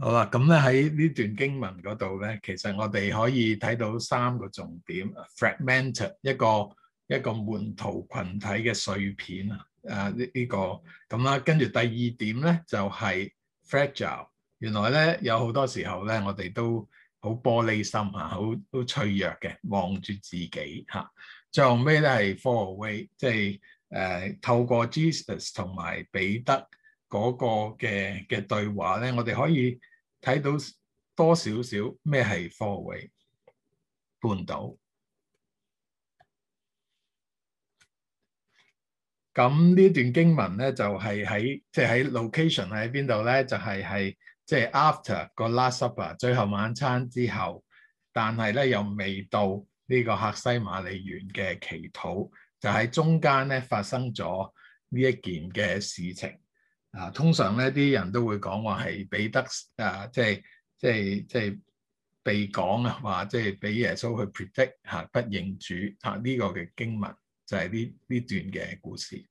好啦，咁咧喺呢段經文嗰度咧，其實我哋可以睇到三個重點。fragment 一個一個門徒羣體嘅碎片啊，誒呢呢個咁啦。跟住第二點咧就係、是、fragile，原來咧有好多時候咧，我哋都好玻璃心嚇，好、啊、好脆弱嘅，望住自己嚇、啊。最後尾咧係 forward，即係誒透過 Jesus 同埋彼得。嗰個嘅嘅對話咧，我哋可以睇到多少少咩係貨位半島咁，呢段經文咧，就係喺即係喺 location 喺邊度咧，就係係即係 after 個 last supper 最後晚餐之後，但係咧又未到呢個客西馬尼園嘅祈禱，就喺中間咧發生咗呢一件嘅事情。啊，通常咧啲人都會講話係彼得啊，即係即係即係被講啊，話即係俾耶穌去 predict 吓不認主啊，呢個嘅經文就係呢呢段嘅故事。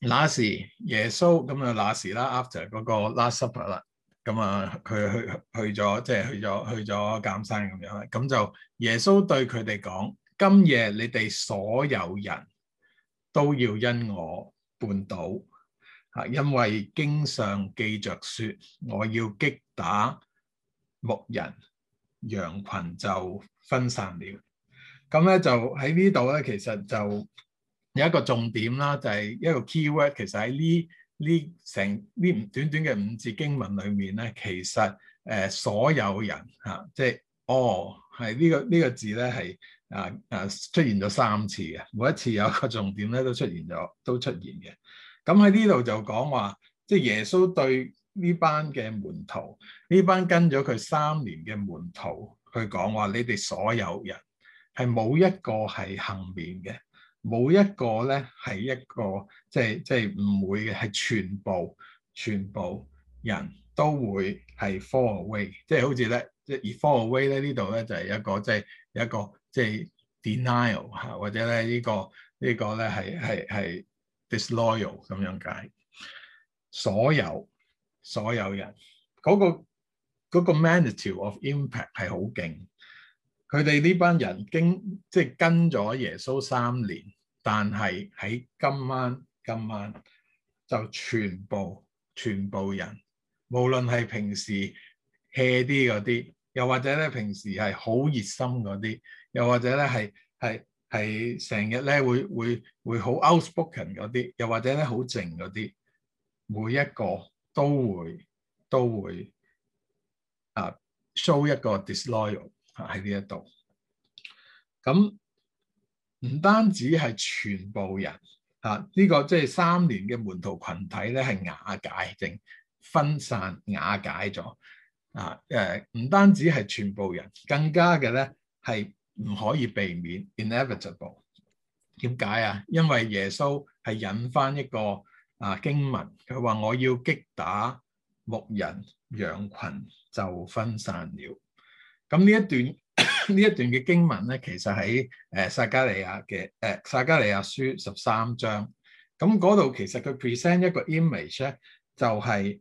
那時耶穌咁啊，那時啦，after 嗰個 Last Supper 啦，咁啊，佢去去咗，即係去咗去咗橄欖山咁樣，咁就耶穌對佢哋講：今夜你哋所有人都要因我。半島啊，因為經上記着説我要擊打牧人，羊群就分散了。咁咧就喺呢度咧，其實就有一個重點啦，就係、是、一個 key word。其實喺呢呢成呢短短嘅五字經文裏面咧，其實誒、呃、所有人嚇、啊，即係哦，係呢、這個呢、這個字咧係。啊啊！出現咗三次嘅，每一次有一個重點咧，都出現咗，都出現嘅。咁喺呢度就講話，即係耶穌對呢班嘅門徒，呢班跟咗佢三年嘅門徒，佢講話：你哋所有人係冇一個係幸免嘅，冇一個咧係一個即係即係唔會嘅，係全部全部人都會係 fall away，即係好似咧，即係而 fall away 咧呢度咧就係一個即係一個。即係一個即係 denial 嚇，den ial, 或者咧、呢、呢個呢、呢個咧係係係 disloyal 咁樣解，所有所有人嗰、嗰個 magnitude of impact 係好勁。佢哋呢班人經即跟即係跟咗耶穌三年，但係喺今晚今晚就全部全部人，無論係平時 hea 啲嗰啲，又或者咧平時係好熱心嗰啲。又或者咧，係係係成日咧，會會會好 outspoken 嗰啲，又或者咧好靜嗰啲，每一個都會都會啊 show 一個 disloyal 喺呢一度。咁唔單止係全部人啊，呢個即係三年嘅門徒群體咧，係瓦解定分散瓦解咗啊！誒，唔單止係全部人，更加嘅咧係。唔可以避免，inevitable。點解啊？因為耶穌係引翻一個啊經文，佢話我要擊打牧人，羊群，就分散了。咁呢一段呢 一段嘅經文咧，其實喺誒撒迦利亞嘅誒撒迦利亞書十三章。咁嗰度其實佢 present 一個 image 咧，就係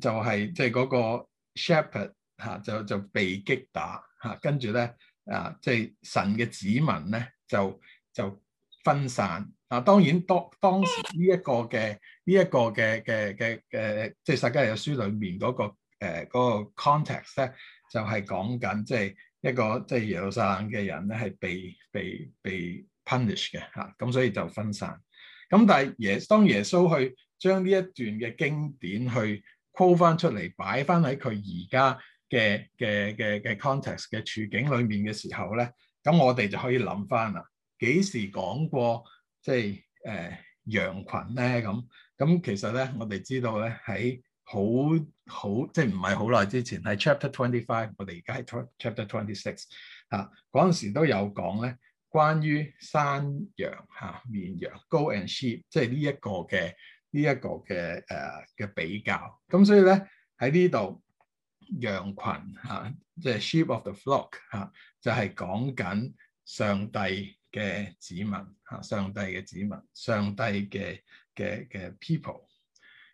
就係即係嗰個 shepherd 嚇，就係就係就係 shepherd，啊、就，就被擊打嚇，跟住咧。啊，即、就、係、是、神嘅子民咧，就就分散。啊，當然當當時呢一個嘅呢一個嘅嘅嘅嘅，即係《撒迦利亞書》裏面嗰個誒個 context 咧，就係講緊即係一個即係、就是、耶路撒冷嘅人咧係被被被 punish 嘅吓，咁、啊、所以就分散。咁但係耶當耶穌去將呢一段嘅經典去 call 翻出嚟，擺翻喺佢而家。嘅嘅嘅嘅 context 嘅處境裏面嘅時候咧，咁我哋就可以諗返啦。幾時講過即係誒、呃、羊群咧？咁咁其實咧，我哋知道咧喺好好即係唔係好耐之前喺 Chapter Twenty Five，我哋而家係 Chapter Twenty Six 啊，嗰陣時都有講咧關於山羊嚇、啊、綿羊 Go and Sheep，即係呢一個嘅呢一個嘅誒嘅比較。咁所以咧喺呢度。羊群，啊，即係 sheep of the flock 啊，就係講緊上帝嘅子民啊，上帝嘅子民，上帝嘅嘅嘅 people。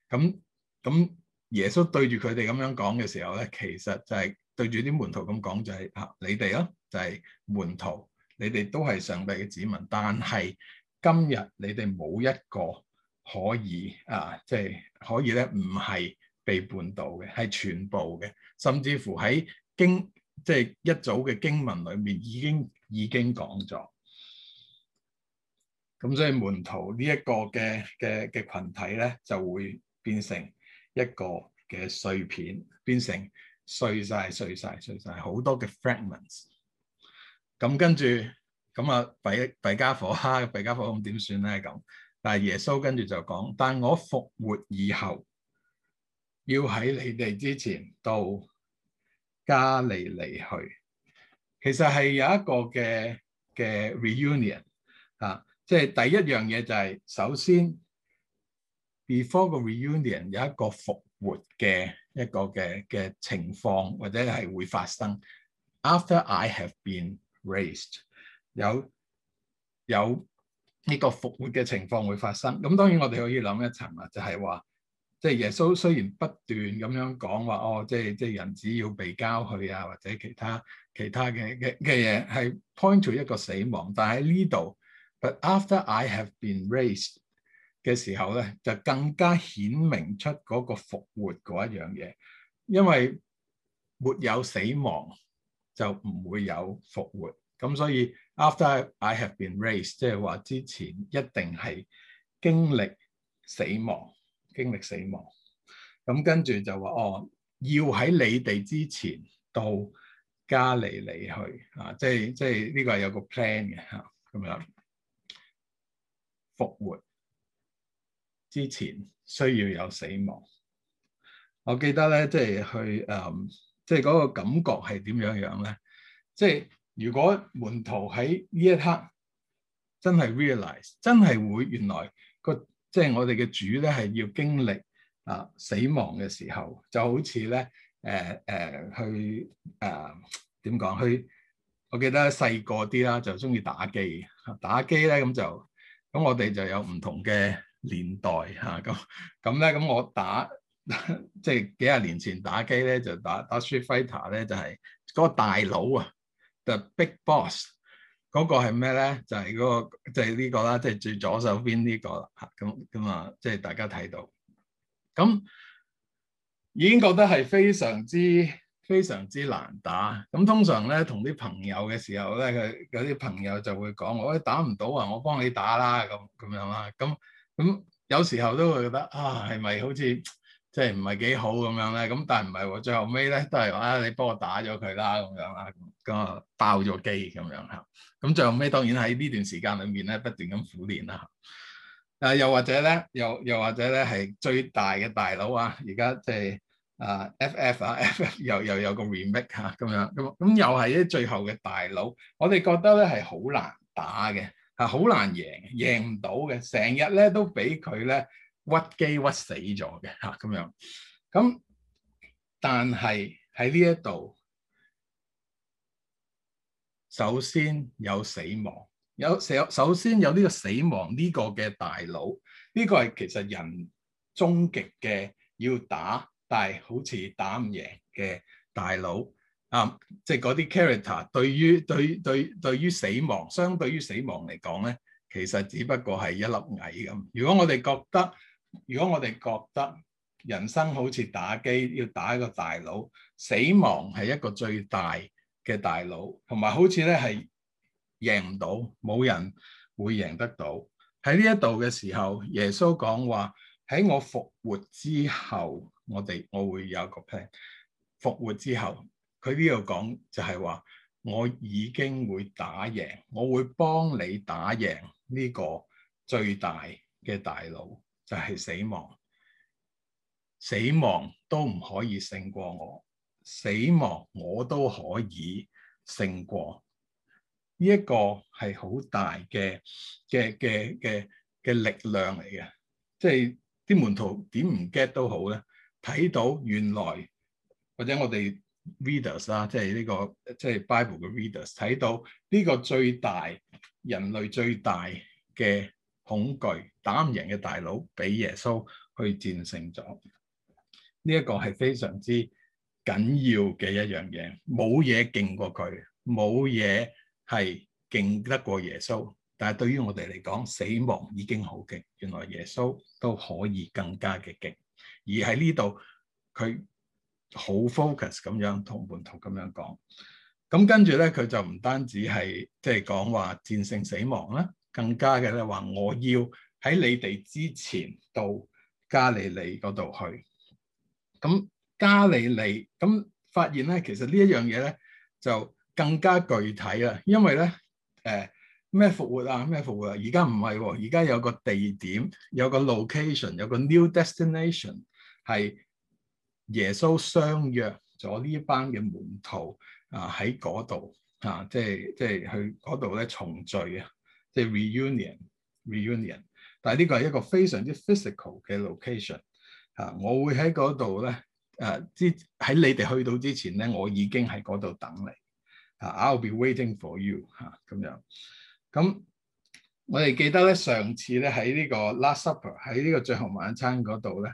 咁咁，耶穌對住佢哋咁樣講嘅時候咧，其實就係對住啲門徒咁講、就係，就係啊，你哋咯，就係、係、門徒，你哋都係上帝嘅子民，但係今日你哋冇一個可以啊，即、就、係、係、可以咧，唔係。被叛到嘅係全部嘅，甚至乎喺經即係、就是、一早嘅經文裏面已經已經講咗。咁所以門徒呢一個嘅嘅嘅羣體咧就會變成一個嘅碎片，變成碎晒、碎晒、碎晒好多嘅 fragments。咁跟住咁啊，弊弊家伙，啊，弊家伙咁點算咧？咁但係耶穌跟住就講，但我復活以後。要喺你哋之前到加利利去，其實係有一個嘅嘅 reunion 啊，即係第一樣嘢就係首先，before 個 reunion 有一個復活嘅一個嘅嘅情況，或者係會發生。After I have been raised，有有呢個復活嘅情況會發生。咁當然我哋可以諗一層啊，就係話。即係耶穌雖然不斷咁樣講話，哦，即係即係人只要被交去啊，或者其他其他嘅嘅嘅嘢，係 point to 一個死亡。但係喺呢度，but after I have been raised 嘅時候咧，就更加顯明出嗰個復活嗰一樣嘢，因為沒有死亡就唔會有復活。咁所以 after I have been raised，即係話之前一定係經歷死亡。經歷死亡，咁、嗯、跟住就話哦，要喺你哋之前到加利利去啊！即係即係呢個係有個 plan 嘅嚇，咁、啊、樣復活之前需要有死亡。我記得咧，即係去誒、嗯，即係嗰個感覺係點樣樣咧？即係如果門徒喺呢一刻真係 realize，真係會原來個。即係我哋嘅主咧，係要經歷啊死亡嘅時候，就好似咧誒誒去啊點講？去、啊、去我記得細個啲啦，就中意打機。打機咧咁就咁，我哋就有唔同嘅年代嚇。咁咁咧咁，我打 即係幾廿年前打機咧，就打打 Street Fighter 咧，就係、係、嗰個大佬啊就係 Big Boss。嗰個係咩咧？就係嗰個，就係呢個啦，即係最左手邊呢個啦嚇。咁咁啊，即係大家睇到。咁已經覺得係非常之、非常之難打。咁通常咧，同啲朋友嘅時候咧，佢有啲朋友就會講：我打唔到啊，我幫你打啦。咁咁樣啦。咁咁有時候都會覺得啊，係咪好似？即係唔係幾好咁樣咧，咁但係唔係喎，最後尾咧都係話啊，你幫我打咗佢啦，咁樣啦，咁啊爆咗機咁樣吓，咁最後尾當然喺呢段時間裏面咧，不斷咁苦練啦。啊，又或者咧，又又或者咧係最大嘅大佬啊，而家即係啊 FF 啊 FF 又又有個 remake 吓、啊、咁樣，咁咁又係一最後嘅大佬，我哋覺得咧係好難打嘅，係好難贏，贏唔到嘅，成日咧都俾佢咧。屈機屈死咗嘅嚇咁樣，咁但係喺呢一度，首先有死亡，有首首先有呢個死亡呢個嘅大佬，呢個係其實人終極嘅要打，但係好似打唔贏嘅大佬啊，即、嗯、係嗰、就、啲、是、character 對於對於對於對於死亡，相對於死亡嚟講咧，其實只不過係一粒蟻咁。如果我哋覺得，如果我哋覺得人生好似打機，要打一個大佬，死亡係一個最大嘅大佬，同埋好似咧係贏唔到，冇人會贏得到。喺呢一度嘅時候，耶穌講話喺我復活之後，我哋我會有一個 plan。復活之後，佢呢度講就係話我已經會打贏，我會幫你打贏呢個最大嘅大佬。就係死亡，死亡都唔可以勝過我，死亡我都可以勝過。呢一個係好大嘅嘅嘅嘅嘅力量嚟嘅，即係啲門徒點唔 get 都好咧，睇到原來或者我哋 readers 啦，即係呢個即係 Bible 嘅 readers 睇到呢個最大人類最大嘅。恐懼打唔贏嘅大佬，俾耶穌去戰勝咗。呢一個係非常之緊要嘅一樣嘢，冇嘢勁過佢，冇嘢係勁得過耶穌。但係對於我哋嚟講，死亡已經好勁，原來耶穌都可以更加嘅勁。而喺呢度，佢好 focus 咁樣同門徒咁樣講。咁跟住咧，佢就唔單止係即係講話戰勝死亡啦。更加嘅咧，話我要喺你哋之前到加利利嗰度去。咁加利利，咁發現咧，其實呢一樣嘢咧就更加具體啦，因為咧誒咩復活啊咩復活啊，而家唔係，而家有個地點，有個 location，有，有個 new destination 係耶穌相約咗呢一班嘅門徒啊喺嗰度啊，即係即係去嗰度咧重聚啊。即係 reunion，reunion，re 但係呢個係一個非常之 physical 嘅 location，吓、啊，我會喺嗰度咧，誒、啊，之喺你哋去到之前咧，我已經喺嗰度等你，吓、啊，I'll be waiting for you，吓、啊，咁樣，咁、啊、我哋記得咧，上次咧喺呢個 last supper，喺呢個最後晚餐嗰度咧，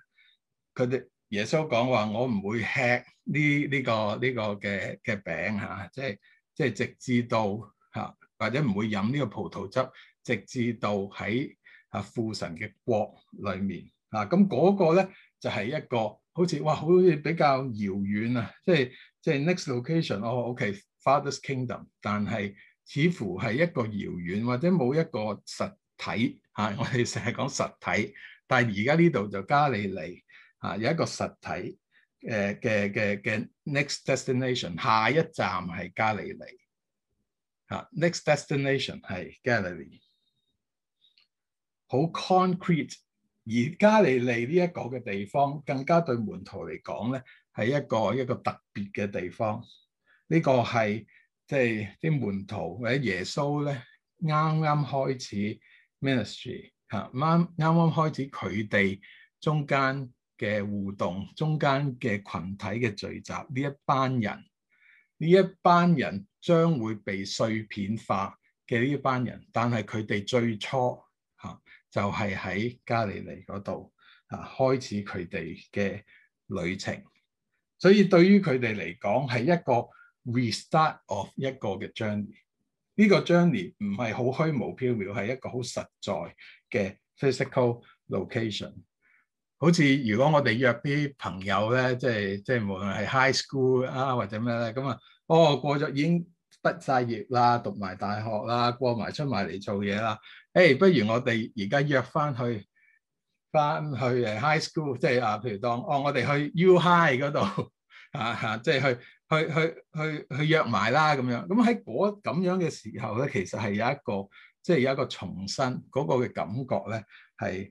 佢哋耶穌講話，我唔會吃呢呢、呢個呢、呢個嘅嘅餅吓，即係即係直至到吓。啊或者唔會飲呢個葡萄汁，直至到喺啊父神嘅國裡面啊，咁嗰個咧就係一個好似哇，好似比較遙遠啊，即係即係 next location，哦，OK，father's kingdom，但係似乎係一個遙遠或者冇一個實體嚇，我哋成日講實體，但係而家呢度就加利利嚇有一個實體嘅嘅嘅嘅 next destination，下一站係加利利。啊吓 next destination 係、yes, Galilee 好 concrete。而加利利呢一個嘅地方，更加對門徒嚟講咧，係一個一個特別嘅地方。呢、這個係即係啲門徒或者耶穌咧，啱啱開始 ministry，嚇啱啱啱開始佢哋中間嘅互動，中間嘅群體嘅聚集，呢一班人。呢一班人將會被碎片化嘅呢班人，但係佢哋最初嚇就係喺加利利嗰度嚇開始佢哋嘅旅程，所以對於佢哋嚟講係一個 restart of 一個嘅 journey。呢、這個 journey 唔係好虛無縹緲，係一個好實在嘅 physical location。好似如果我哋約啲朋友咧，即係即係無論係 high school 啊或者咩咧，咁啊哦過咗已經畢晒業啦，讀埋大學啦，過埋出埋嚟做嘢啦，誒、欸、不如我哋而家約翻去翻去誒 high school，即係啊，譬如當哦我哋去 U High 嗰度啊吓，即、啊、係、即係、去去去去去約埋啦咁樣，咁喺嗰咁樣嘅時候咧，其實係有一個即係、即係、有一個重新嗰、嗰個嘅感覺咧係。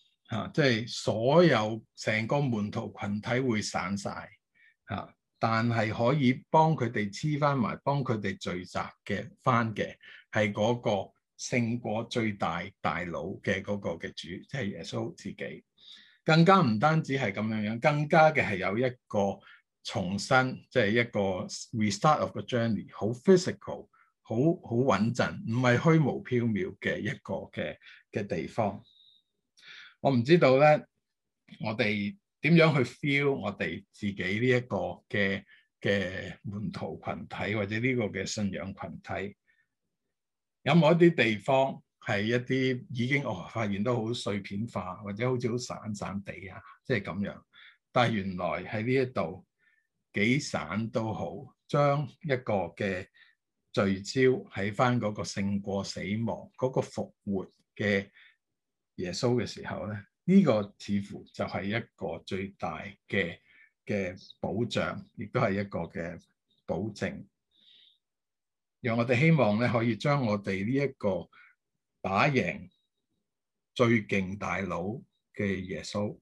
啊！即係所有成個門徒群體會散晒，嚇、啊！但係可以幫佢哋黐翻埋，幫佢哋聚集嘅翻嘅，係嗰個勝過最大大佬嘅嗰個嘅主，即係耶穌自己。更加唔單止係咁樣樣，更加嘅係有一個重新，即係一個 restart of the journey，好 physical，好好穩陣，唔係虛無縹緲嘅一個嘅嘅地方。我唔知道咧，我哋點樣去 feel 我哋自己呢一個嘅嘅門徒群體，或者呢個嘅信仰群體，有冇一啲地方係一啲已經哦，發現都好碎片化，或者好似好散散地啊，即係咁樣。但係原來喺呢一度幾散都好，將一個嘅聚焦喺翻嗰個勝過死亡，嗰、嗰個復活嘅。耶穌嘅時候咧，呢、這個似乎就係一個最大嘅嘅保障，亦都係一個嘅保證。讓我哋希望咧，可以將我哋呢一個打贏最勁大佬嘅耶穌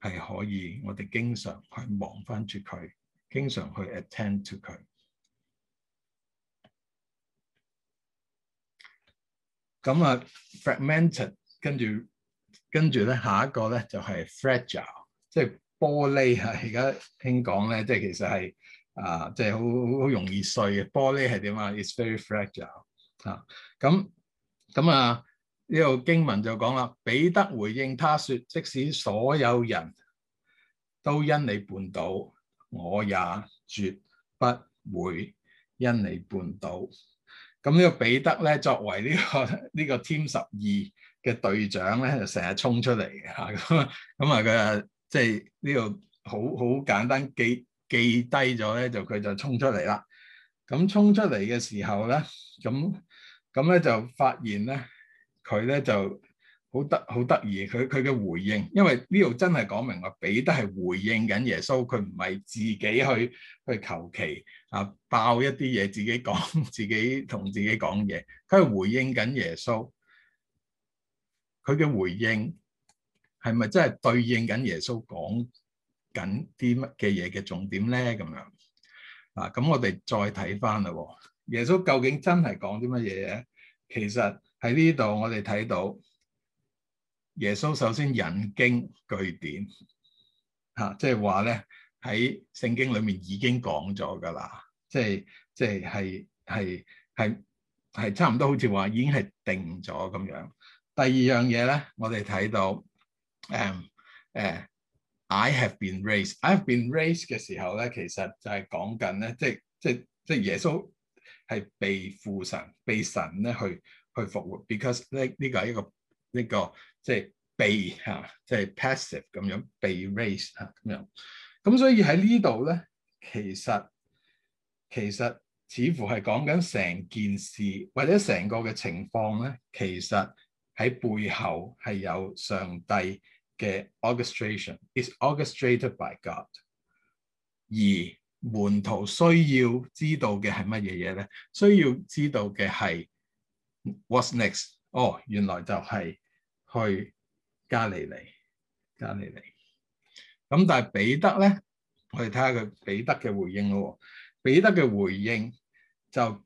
係可以，我哋經常去望翻住佢，經常去 attend to 佢。咁啊，fragmented。跟住跟住咧，下一個咧就係、是、fragile，即係玻璃啊。而家聽講咧，即係其實係啊，即係好容易碎嘅玻璃係點啊？It's very fragile 啊。咁咁啊，呢、這個經文就講啦。彼得回應他說：即使所有人都因你叛倒，我也絕不會因你叛倒。咁呢個彼得咧，作為呢、這個呢、這個 Team 十二。嘅隊長咧就成日衝出嚟嚇咁啊！咁啊，佢即係呢度好好簡單記記低咗咧，就佢就衝出嚟啦。咁衝出嚟嘅時候咧，咁咁咧就發現咧，佢咧就好得好得意。佢佢嘅回應，因為呢度真係講明話彼得係回應緊耶穌，佢唔係自己去去求其啊，爆一啲嘢自己講，自己同自己講嘢，佢係回應緊耶穌。佢嘅回應係咪真係對應緊耶穌講緊啲乜嘅嘢嘅重點咧？咁樣啊，咁我哋再睇翻啦。耶穌究竟真係講啲乜嘢咧？其實喺呢度我哋睇到耶穌首先引經據典，嚇、啊，即係話咧喺聖經裏面已經講咗㗎喇，即係即係係係係係差唔多好似話已經係定咗咁樣。第二樣嘢咧，我哋睇到誒誒、um, uh,I have been raised。I have been raised 嘅時候咧，其實就係講緊咧，即即即耶穌係被父神被神咧去去復活，because 咧呢個係一個呢個即係被嚇，即係 passive 咁樣被 raised 嚇咁樣。咁所以喺呢度咧，其實其實似乎係講緊成件事或者成個嘅情況咧，其實。喺背後係有上帝嘅 orchestration，it's orchestrated by God。而門徒需要知道嘅係乜嘢嘢咧？需要知道嘅係 what's next？哦，原來就係去加利利，加利利。咁但係彼得咧，我哋睇下佢彼得嘅回應咯、哦。彼得嘅回應就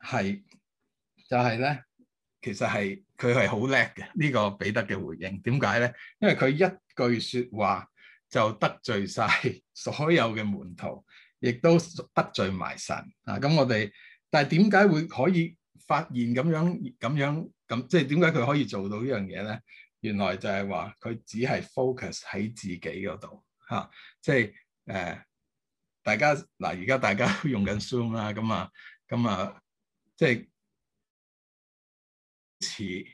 係、是、就係、是、咧。其實係佢係好叻嘅，呢個彼得嘅回應點解咧？因為佢一句説話就得罪晒所有嘅門徒，亦都得罪埋神啊！咁我哋，但係點解會可以發現咁樣咁樣咁？即係點解佢可以做到呢樣嘢咧？原來就係話佢只係 focus 喺自己嗰度吓，即係誒大家嗱，而家大家都用緊 Zoom 啦，咁啊，咁啊，即係。似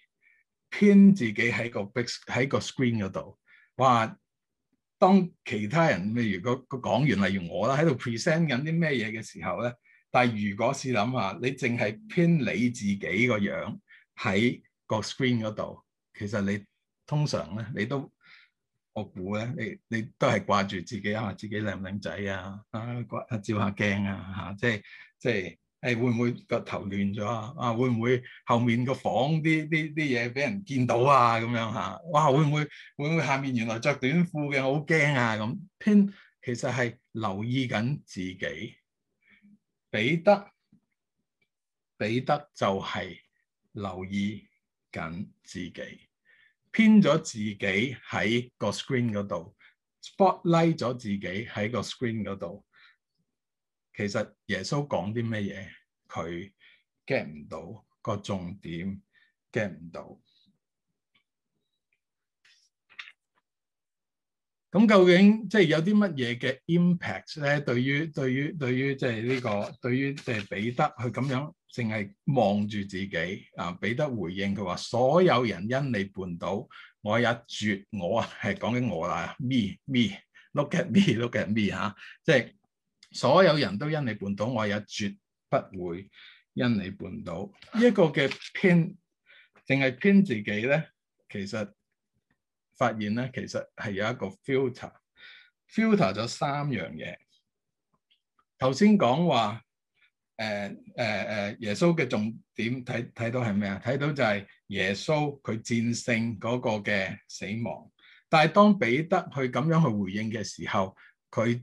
偏自己喺個壁喺個 screen 嗰度，話當其他人例如個個講員例如我啦喺度 present 緊啲咩嘢嘅時候咧，但係如果試諗下，你淨係偏你自己個樣喺個 screen 嗰度，其實你通常咧，你都我估咧，你你都係掛住自己啊，自己靚唔靚仔啊啊掛照下鏡啊吓、啊，即係即係。誒、哎、會唔會個頭亂咗啊？啊會唔會後面個房啲啲啲嘢俾人見到啊？咁樣吓！哇會唔會會唔會下面原來着短褲嘅我好驚啊！咁偏其實係留意緊自己，彼得彼得就係留意緊自己，偏咗自己喺個 screen 嗰度，spotlight 咗自己喺個 screen 嗰度。其實耶穌講啲咩嘢，佢 get 唔到個重點，get 唔到。咁究竟即係有啲乜嘢嘅 impact 咧？對於對於對於即係呢個，對於即係彼得，佢咁樣淨係望住自己啊！彼得回應佢話：所有人因你絆倒，我一絕我，講我 me, me, me, me, 啊！係講緊我啦，me me，look at me，look at me 嚇，即係。所有人都因你叛倒，我也絕不會因你叛倒。呢一個嘅偏，淨係偏自己咧，其實發現咧，其實係有一個 filter，filter 咗 fil 三樣嘢。頭先講話，誒誒誒，耶穌嘅重點睇睇到係咩啊？睇到就係耶穌佢戰勝嗰個嘅死亡。但係當彼得去咁樣去回應嘅時候，佢。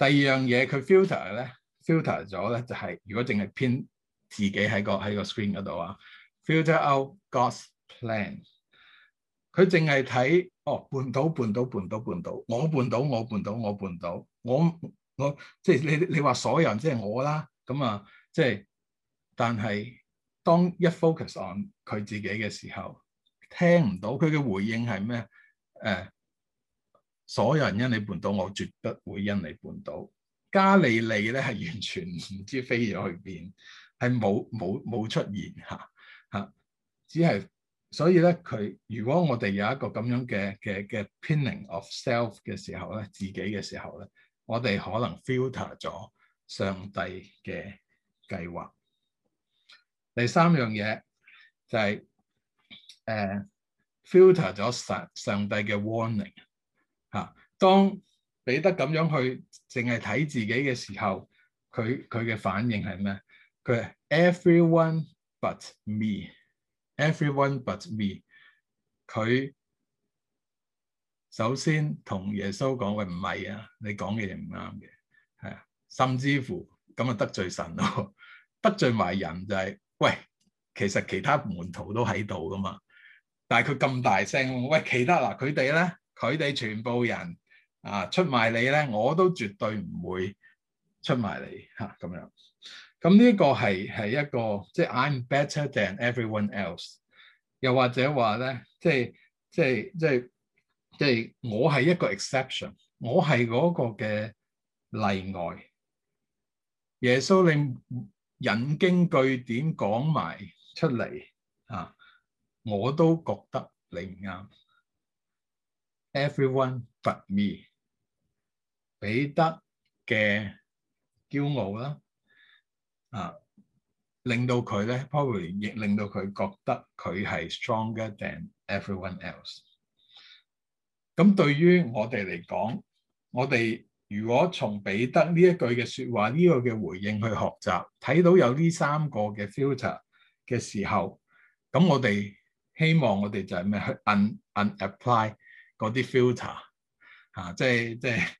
第二樣嘢，佢 filter 咧，filter 咗咧就係、是，如果淨係 pin 自己喺個喺個 screen 嗰度啊，filter out God's plan。佢淨係睇哦，半島半島半島半島，我半島我半島我半島我半島我即係、就是、你你話所有人即係我啦，咁啊即係，但係當一 focus on 佢自己嘅時候，聽唔到佢嘅回應係咩？誒、呃。所有人因你叛倒，我絕不會因你叛倒。加利利咧係完全唔知飛咗去邊，係冇冇冇出現嚇嚇，只係所以咧佢如果我哋有一個咁樣嘅嘅嘅 pinning of self 嘅時候咧，自己嘅時候咧，我哋可能 filter 咗上帝嘅計劃。第三樣嘢就係、是、誒、呃、filter 咗上上帝嘅 warning。當彼得咁樣去淨係睇自己嘅時候，佢佢嘅反應係咩？佢 Everyone but me，Everyone but me。佢首先同耶穌講：喂，唔係啊，你講嘅嘢唔啱嘅，係啊，甚至乎咁啊得罪神咯， 得罪埋人就係、是、喂，其實其他門徒都喺度噶嘛，但係佢咁大聲，喂其他嗱佢哋咧，佢哋全部人。啊！出賣你咧，我都絕對唔會出賣你吓，咁、啊、樣。咁呢個係係一個即係、就是、I'm better than everyone else，又或者話咧，即係即係即係即係我係一個 exception，我係嗰個嘅例外。耶穌你引經據典講埋出嚟，啊，我都覺得你唔啱。Everyone but me。彼得嘅驕傲啦，啊，令到佢咧 probably 亦令到佢覺得佢係 stronger than everyone else。咁對於我哋嚟講，我哋如果從彼得呢一句嘅説話、呢、這個嘅回應去學習，睇到有呢三個嘅 filter 嘅時候，咁我哋希望我哋就係咩去 un un apply 嗰啲 filter 啊，即係即係。就是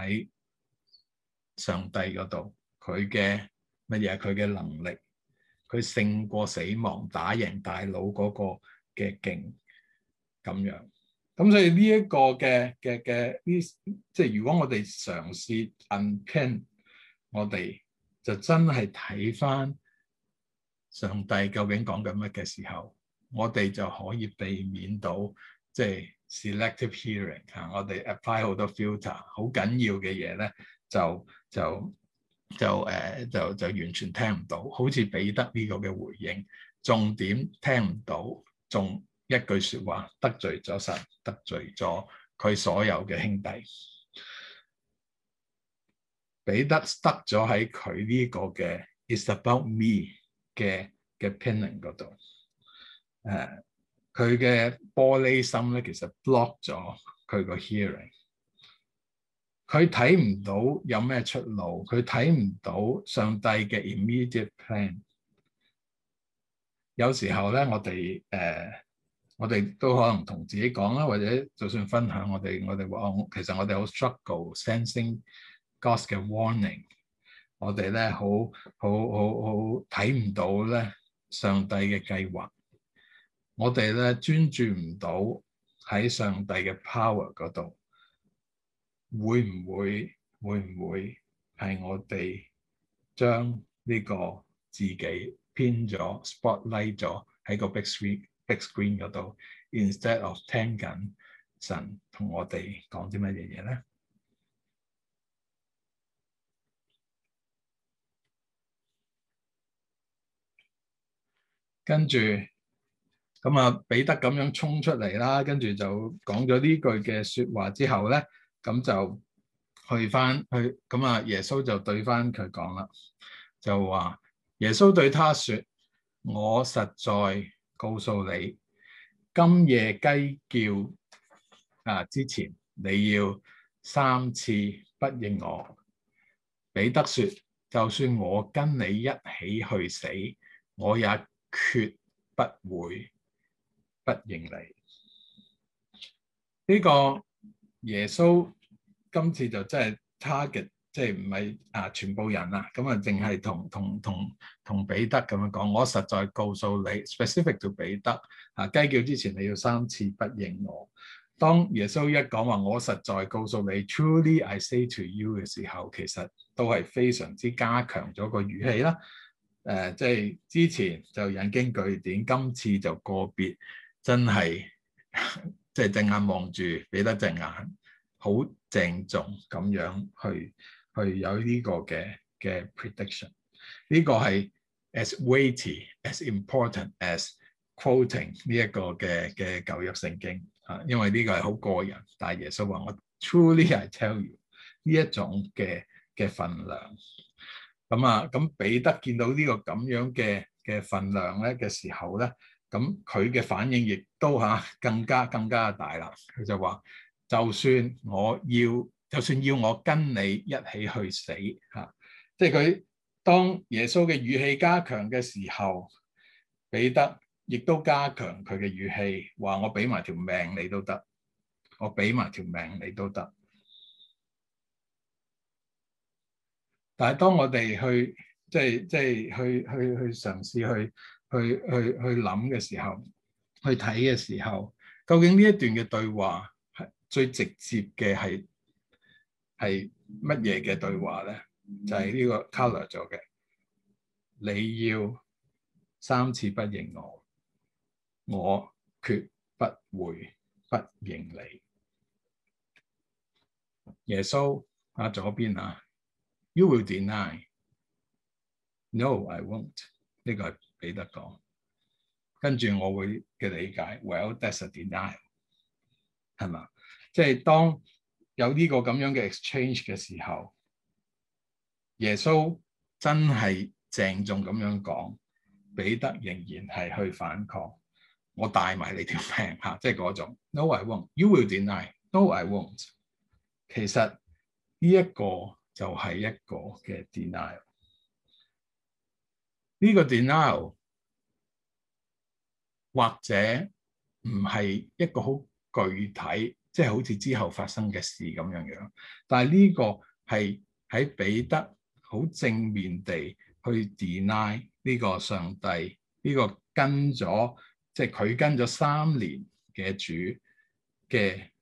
喺上帝嗰度，佢嘅乜嘢？佢嘅能力，佢勝過死亡，打贏大佬嗰個嘅勁咁樣。咁所以呢一個嘅嘅嘅呢，即係如果我哋嘗試 unpack，我哋就真係睇翻上帝究竟講緊乜嘅時候，我哋就可以避免到即係。Selective hearing 啊，我哋 apply 好多 filter，好緊要嘅嘢咧就就就誒就就完全聽唔到，好似彼得呢個嘅回應，重點聽唔到，仲一句説話得罪咗神，得罪咗佢所有嘅兄弟，彼得 stuck 咗喺佢呢個嘅 it's about me 嘅嘅 pinning 嗰度，誒。佢嘅玻璃心咧，其實 block 咗佢個 hearing。佢睇唔到有咩出路，佢睇唔到上帝嘅 immediate plan。有時候咧，我哋誒，uh, 我哋都可能同自己講啦，或者就算分享我哋，我哋我哋話，其實我哋好 struggle sensing God 嘅 warning。我哋咧，好好好好睇唔到咧上帝嘅計劃。我哋咧專注唔到喺上帝嘅 power 嗰度，會唔會會唔會係我哋將呢個自己 pin 咗、spotlight 咗喺個 big screen、big screen 嗰度，instead of 聽緊神同我哋講啲乜嘢嘢咧？跟住。咁啊，彼得咁樣衝出嚟啦，跟住就講咗呢句嘅說話之後咧，咁就去翻去，咁啊耶穌就對翻佢講啦，就話耶穌對他說：我實在告訴你，今夜雞叫啊之前，你要三次不認我。彼得說：就算我跟你一起去死，我也決不會。不認你呢個耶穌今次就真係 target，即係唔係啊全部人啦，咁啊淨係同同同同彼得咁樣講。我實在告訴你，specific to 彼得啊，雞叫之前你要三次不認我。當耶穌一講話，我實在告訴你，truly I say to you 嘅時候，其實都係非常之加強咗個語氣啦。誒、呃，即係之前就引經據典，今次就個別。真係即係隻眼望住彼得隻眼，好鄭重咁樣去去有呢個嘅嘅 prediction。呢個係 as weighty as important as quoting 呢一個嘅嘅舊約聖經啊，因為呢個係好個人。但係耶穌話我 truly I tell you 呢一種嘅嘅份量，咁啊，咁彼得見到呢個咁樣嘅嘅份量咧嘅時候咧。咁佢嘅反應亦都嚇、啊、更加更加大啦。佢就話：就算我要，就算要我跟你一起去死嚇、啊，即係佢當耶穌嘅語氣加強嘅時候，彼得亦都加強佢嘅語氣，話我俾埋條命你都得，我俾埋條命你都得。但係當我哋去。即係即係去去去嘗試去去去去諗嘅時候，去睇嘅時候，究竟呢一段嘅對話係最直接嘅係係乜嘢嘅對話咧？就係、是、呢個 colour 咗嘅。你要三次不認我，我決不會不認你。耶穌啊，左邊啊，You will deny。No, I won't。呢個係彼得講，跟住我會嘅理解。Well, that's a denial，係嘛？即係當有呢個咁樣嘅 exchange 嘅時候，耶穌真係鄭重咁樣講，彼得仍然係去反抗。我帶埋你條命嚇，即係嗰種。No, I won't。You will deny。No, I won't。其實呢、這個、一個就係一個嘅 denial。呢個 denial 或者唔係一個好具體，即係好似之後發生嘅事咁樣樣。但係呢個係喺彼得好正面地去 deny 呢個上帝呢個跟咗，即係佢跟咗三年嘅主嘅。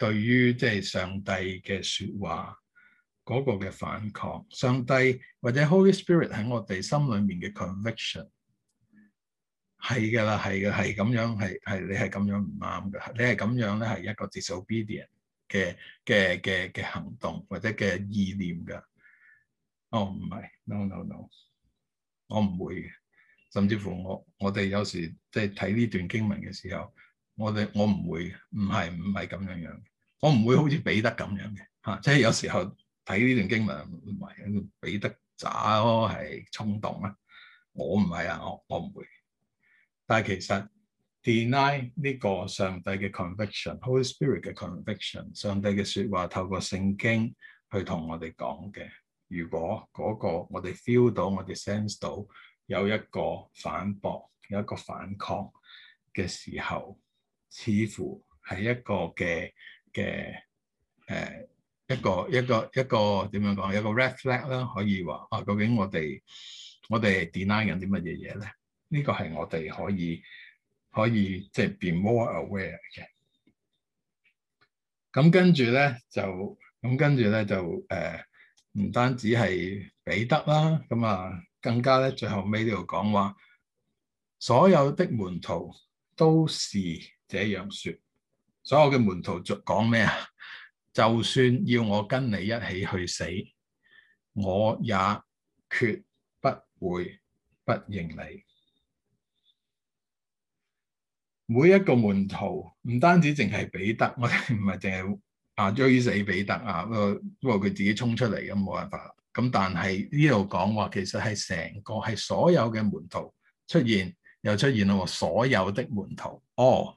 對於即係上帝嘅説話嗰個嘅反抗，上帝或者 Holy Spirit 喺我哋心裏面嘅 conviction 係㗎啦，係嘅，係咁樣係係你係咁樣唔啱㗎，你係咁樣咧係一個 disobedient 嘅嘅嘅嘅行動或者嘅意念㗎。哦，唔係，no no no，我唔會，甚至乎我我哋有時即係睇呢段經文嘅時候，我哋我唔會，唔係唔係咁樣樣。我唔會好似彼得咁樣嘅，嚇、啊！即係有時候睇呢段經文唔係、啊、彼得渣咯、啊，係衝動啊！我唔係啊，我我唔會。但係其實 deny 呢個上帝嘅 conviction，Holy Spirit 嘅 conviction，上帝嘅説話透過聖經去同我哋講嘅。如果嗰個我哋 feel 到，我哋 sense 到有一個反駁，有一個反抗嘅時候，似乎係一個嘅。嘅誒、呃、一個一個一個點樣講？有個 reflect 啦，可以話啊，究竟我哋我哋 design 緊啲乜嘢嘢咧？呢個係我哋可以可以即係 be more aware 嘅。咁、嗯、跟住咧就咁、嗯、跟住咧就誒，唔、呃、單止係彼得啦，咁啊更加咧最後尾呢度講話，所有的門徒都是這樣說。所有嘅門徒就講咩啊？就算要我跟你一起去死，我也決不會不認你。每一個門徒唔單止淨係彼得，我哋唔係淨係啊追死彼得啊，不過佢自己衝出嚟咁冇辦法。咁但係呢度講話，其實係成個係所有嘅門徒出現又出現咯，所有的門徒，哦，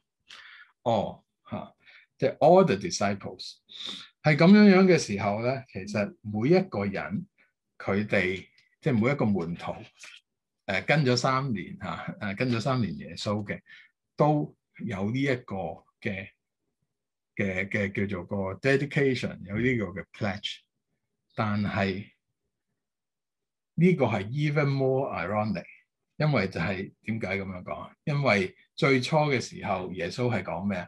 哦。吓，即係 all the disciples 係咁樣樣嘅時候咧，其實每一個人佢哋即係每一個門徒誒、呃、跟咗三年吓誒、啊、跟咗三年耶穌嘅，都有呢一個嘅嘅嘅叫做個 dedication，有呢個嘅 pledge 但。但係呢個係 even more ironic，因為就係點解咁樣講？啊，因為最初嘅時候耶穌係講咩啊？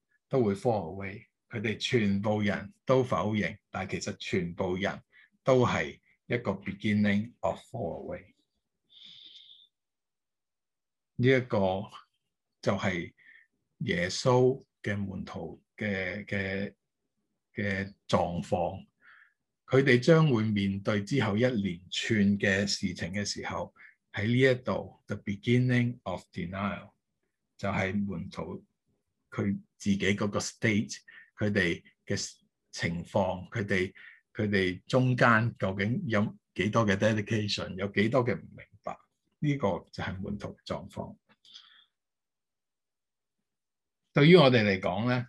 都會 fall away，佢哋全部人都否認，但係其實全部人都係一個 beginning of fall away。呢一個就係耶穌嘅門徒嘅嘅嘅狀況，佢哋將會面對之後一連串嘅事情嘅時候，喺呢一度 the beginning of denial，就係門徒。佢自己嗰個 state，佢哋嘅情況，佢哋佢哋中間究竟有幾多嘅 dedication，有幾多嘅唔明白？呢個就係門徒嘅狀況。對於我哋嚟講咧，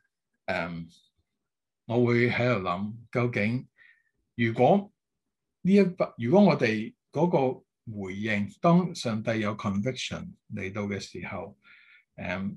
誒，我會喺度諗，究竟如果呢一筆，如果我哋嗰個回應，當上帝有 conviction 嚟到嘅時候，誒。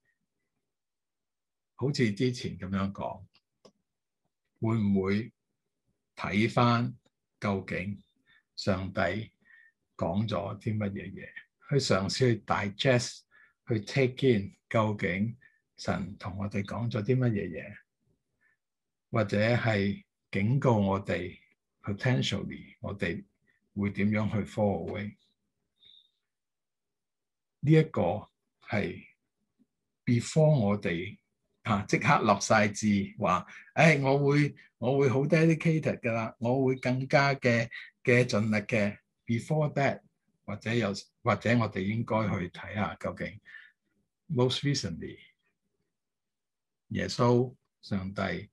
好似之前咁樣講，會唔會睇返究竟上帝講咗啲乜嘢嘢？去嘗試去 digest，去 take in，究竟神同我哋講咗啲乜嘢嘢，或者係警告我哋，potentially 我哋會點樣去 fall away？呢一個係 before 我哋。啊！即刻落晒字，話，誒、哎，我會，我會好 dedicated 嘅啦，我會更加嘅嘅盡力嘅。Before that，或者有，或者我哋應該去睇下究竟。Most recently，耶穌上帝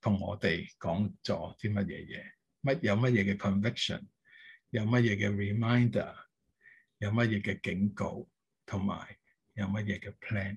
同我哋講咗啲乜嘢嘢？乜有乜嘢嘅 conviction？有乜嘢嘅 reminder？有乜嘢嘅警告？同埋有乜嘢嘅 plan？